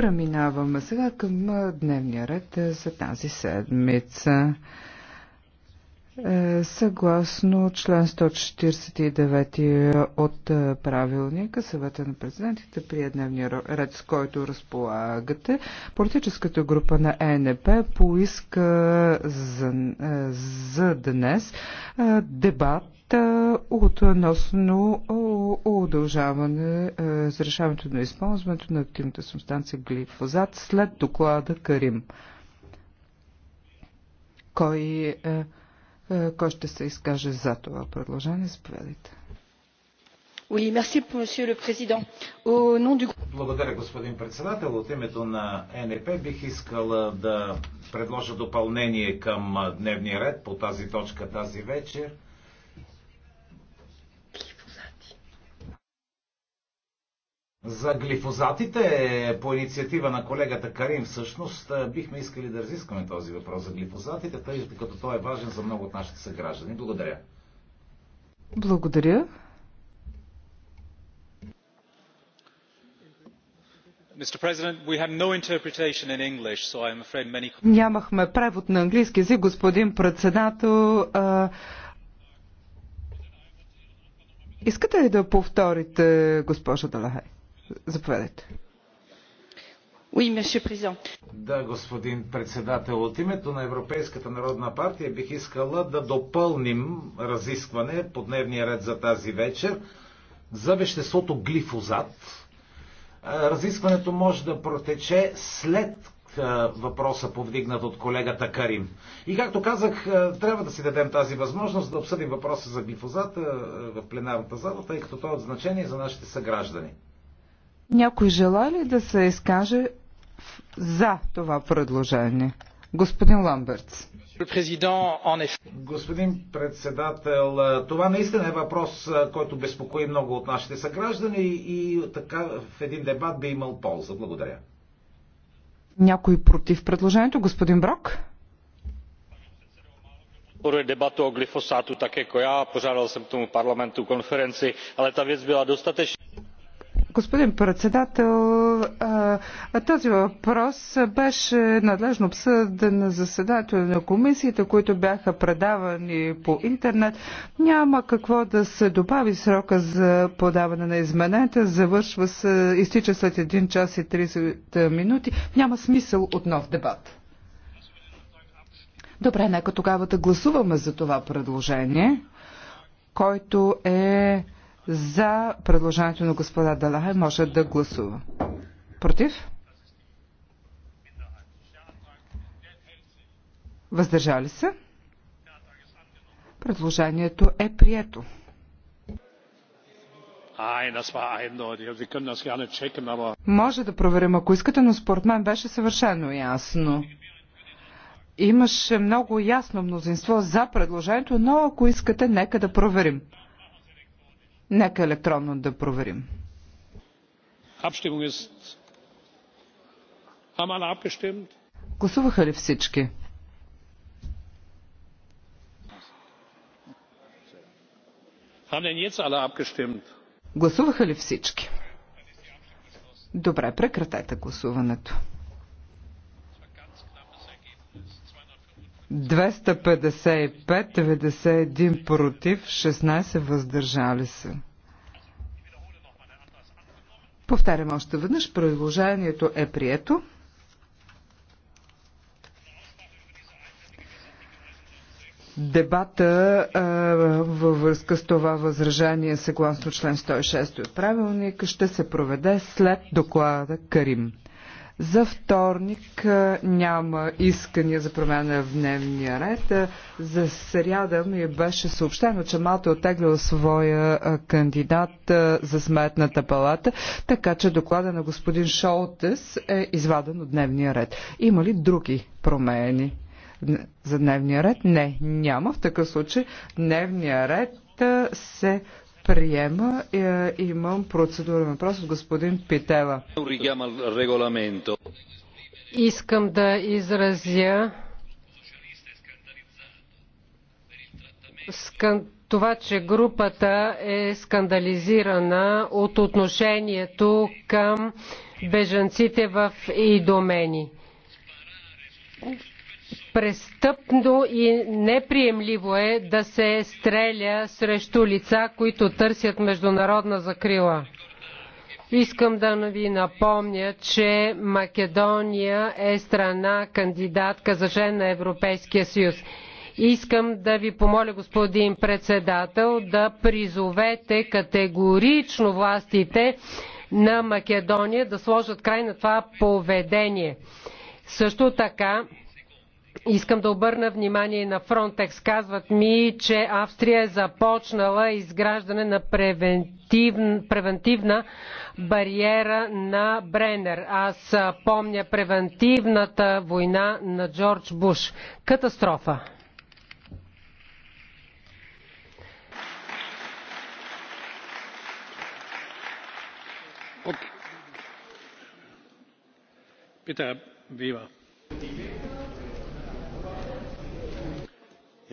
Преминаваме сега към дневния ред за тази седмица. Е, съгласно член 149 от правилника, съвета на президентите при дневния ред, с който разполагате, политическата група на ЕНП поиска за, за днес дебат Та относно удължаване разрешаването на използването на активната субстанция глифозат след доклада Карим. Кой, кой ще се изкаже за това предложение? Заповядайте. Благодаря, господин председател. От името на НП бих искал да предложа допълнение към дневния ред по тази точка тази вечер За глифозатите, по инициатива на колегата Карим, всъщност бихме искали да разискаме този въпрос за глифозатите, тъй като той е важен за много от нашите съграждани. Благодаря. Благодаря. Нямахме превод на английски език, господин председател. Искате ли да повторите, госпожа Далахай? Заповядайте. Да, господин председател, от името на Европейската народна партия бих искала да допълним разискване по дневния ред за тази вечер за веществото глифозат. Разискването може да протече след въпроса повдигнат от колегата Карим. И както казах, трябва да си дадем тази възможност да обсъдим въпроса за глифозата в пленарната зала, тъй като той е от значение за нашите съграждани. Някой желая ли да се изкаже за това предложение? Господин Ламбертс. Господин председател, това наистина е въпрос, който безпокои много от нашите съграждани и така в един дебат би имал полза. Благодаря. Някой против предложението? Господин Брок? podporuji debatu o glyfosátu tak jako já pořádal jsem k tomu parlamentu konferenci ale ta věc byla dostatečně Господин председател, този въпрос беше надлежно обсъден на заседанието на комисиите, които бяха предавани по интернет. Няма какво да се добави срока за подаване на измененията. Завършва се, изтича след 1 час и 30 минути. Няма смисъл от нов дебат. Добре, нека тогава да гласуваме за това предложение, който е за предложението на господа Далахе може да гласува. Против? Въздържали се? Предложението е прието. Може да проверим, ако искате, но според мен беше съвършено ясно. Имаше много ясно мнозинство за предложението, но ако искате, нека да проверим. Нека електронно да проверим. Е Гласуваха ли всички? Гласуваха ли всички? Добре, прекратете гласуването. 255, 91 против, 16 въздържали се. Повтарям още веднъж, предложението е прието. Дебата а, във връзка с това възражание съгласно член 106 от правилника ще се проведе след доклада Карим. За вторник няма искания за промяна в дневния ред. За сряда ми беше съобщено, че Малта е оттеглила своя кандидат за сметната палата, така че доклада на господин Шолтес е изваден от дневния ред. Има ли други промени за дневния ред? Не, няма. В такъв случай дневния ред се приема. Е, имам процедурен въпрос от господин Питела. Искам да изразя това, че групата е скандализирана от отношението към бежанците в Идомени престъпно и неприемливо е да се стреля срещу лица, които търсят международна закрила. Искам да ви напомня, че Македония е страна кандидатка за член на Европейския съюз. Искам да ви помоля, господин председател, да призовете категорично властите на Македония да сложат край на това поведение. Също така Искам да обърна внимание на Frontex. Казват ми, че Австрия е започнала изграждане на превентивна, превентивна бариера на Бренер. Аз помня превентивната война на Джордж Буш. Катастрофа. Пита, вива.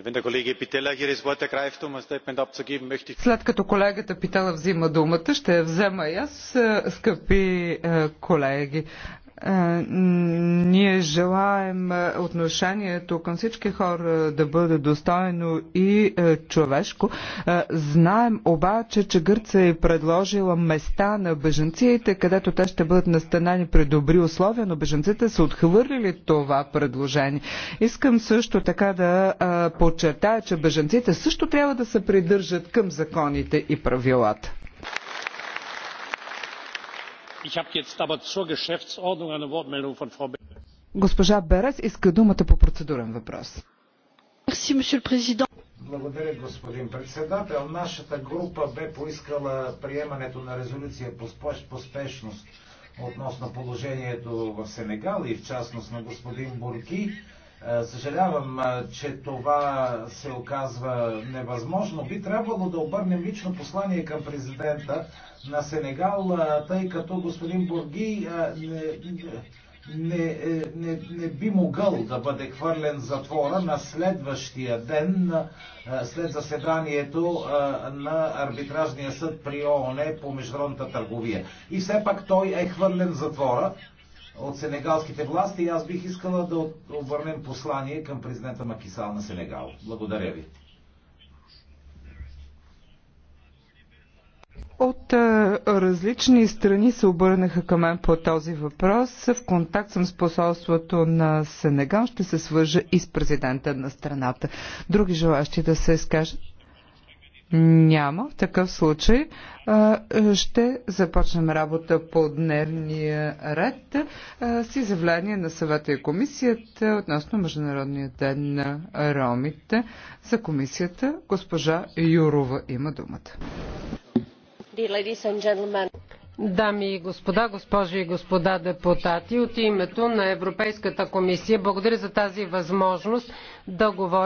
Um След като колегата питала взима думата, ще я взема и аз, е, скъпи е, колеги ние желаем отношението към всички хора да бъде достойно и човешко. Знаем обаче, че Гърция е предложила места на беженците, където те ще бъдат настанени при добри условия, но беженците са отхвърлили това предложение. Искам също така да подчертая, че беженците също трябва да се придържат към законите и правилата. Госпожа Берес иска думата по процедурен въпрос. Благодаря, господин председател. Нашата група бе поискала приемането на резолюция по спешност относно положението в Сенегал и в частност на господин Бурки е, съжалявам, е, че това се оказва невъзможно. Би трябвало да обърнем лично послание към президента на Сенегал, е, тъй като господин не, не, не, не, не би могъл да бъде хвърлен затвора на следващия ден след заседанието на арбитражния съд при ООН по международната търговия. И все пак той е хвърлен затвора от сенегалските власти и аз бих искала да обърнем послание към президента Макисал на Сенегал. Благодаря ви. От е, различни страни се обърнаха към мен по този въпрос. В контакт съм с посолството на Сенегал. Ще се свържа и с президента на страната. Други желащи да се изкажат? Няма. В такъв случай ще започнем работа по дневния ред с изявление на съвета и комисията относно Международния ден на ромите. За комисията госпожа Юрова има думата. Дами и господа, госпожи и господа депутати, от името на Европейската комисия благодаря за тази възможност да говоря